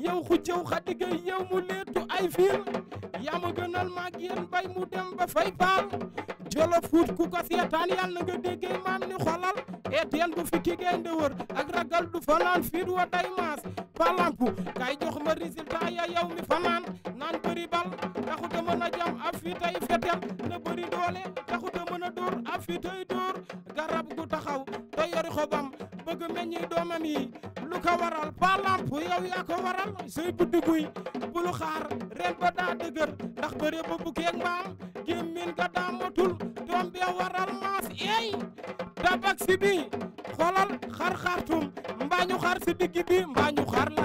yow xuccaw xadi gay yow mu leetu ay fiir yaa ma gënal maag bay mu dem ba fay baal jolof ku ko seetaan yàlla na nga déggee maam ni xolal eteen bu fi kigee ndëwër ak ragal du fanaan fiit wa day maas palampu kay jox ma résultat ya yow mi fanaan naan bëri bal taxuta mën a jam ab fi tay fetel na bëri doole taxuta mën a dóor ab fi tay dóor garab gu taxaw te xobam bëgg meññi doomam yi lu ko waral Pa Lamp yow yaa waral say buddi bulu xaar ren ba daa dëgër ndax bëre ba bukkeeg mbaal gémmin ga daa motul doom bee waral maas eey dabak si bi xoolal xar xartum mbaañu xar si digg bi mbaañu xar la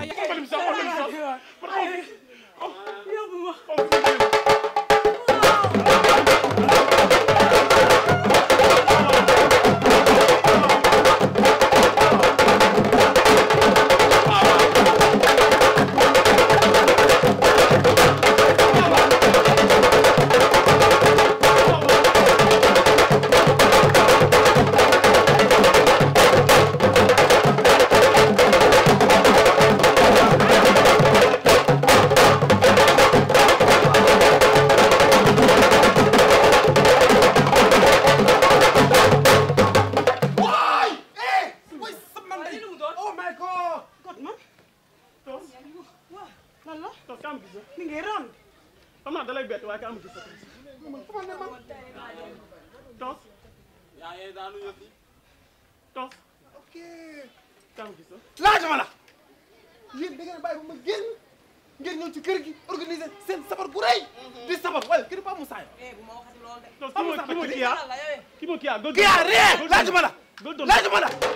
mi ngi ron. xam naa dalay bett waaye ka am ci sa man fu ma ne man tos. yaa ngi daanu yëf yi. tos. ok. ka am ci sa. laajama la. yéen da ngeen bàyyi ba ma génn ngeen ñëw ci kër gi organiser seen sabar bu rëy. Mhm. di sabar wala kër ba mu saay. eh bu ma waxati loolu de. tos ki ma ki ma kii yaa. ki ma kii yaa laajama la. laajama la.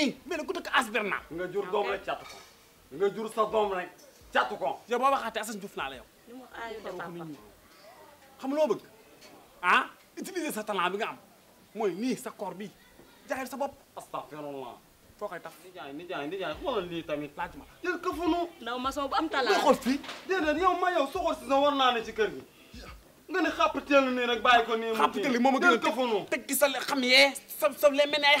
nii mais nag ku dëkk as bernard nga jur doom rek sa doom rek càtt ko yow boo waxaatee Assane Diouf naa la yow xam loo bëgg ah utiliser sa talent bi nga am mooy nii sa corps bi jaayal sa bopp astafirullah foo koy tax nijaay nijaay soxor si déedéet yow ma yow soxor si sa war naa ne ci kër gi nga ne xàpp teel nii rek bàyyi ko nii moom a gën a teg ki sa xam yee sa sa leen mel ni ay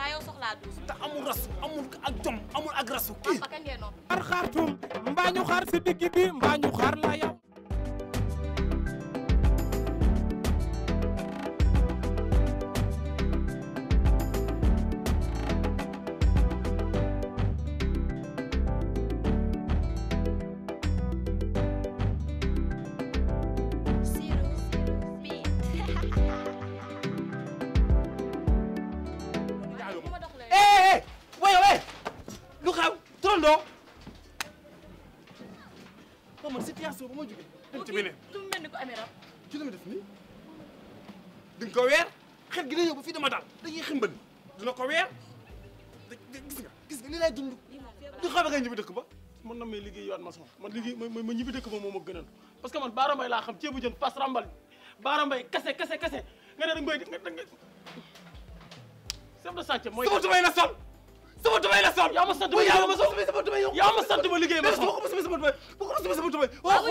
saa yow soxlaa douze. te amul rasu amul ak jom amul ak rasu. kii xaar xaar tuum mbaa ñu xaar si digg bi mbaa ñu xaar la yow. nga ya, kan man situation ba ma dem ci beneen du mu ko amee ci li def di ko weer xet gi day ñëw ba dama dañuy ximbal dina ko gis nga gis nga lay dund. nga ba. man na may liggéey yoon ma sama man liggéey ma ma ñibbi ba moo gënal parce que man Baara Mbaye xam pas rambal Baara Mbaye kese kese kese nga ne rek mbay nga nga sama sol. sama tubay la sol. yaa ma sant ma yaa ma sant sama tubay yow. yaa ma sant ma liggéey ma ko mos a sama tubay ma ko mos a sama tubay. waaw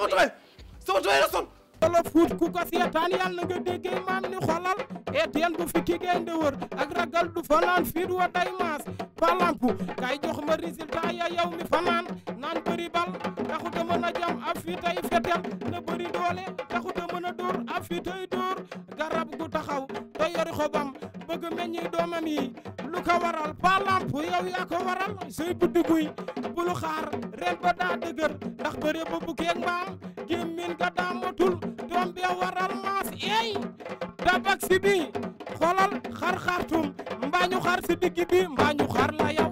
waaw wala fuut ku ko seetaan yàlla na nga déggee maam ni xolal eteen du fi ki gaynde wër ak ragal du fanaan fiit wa day maas palampu kay jox ma résultat ya yow mi fanaan naan bëri bal taxuta mën a jam ab fi tey fetel na bëri doole taxuta mën a dóor ab fi tey taxaw te yori xobam bëgg meññi doomam yi lu waral Pa Lamp yow yaa waral say buddi bulu xaar ren ba daa dëgër ndax bëre ba bukkeeg mbaam gémmin ga daa motul doom bi waral maas eey dabak si bi xoolal xar xartum mbaañu xar si digg bi mbaañu xar la yow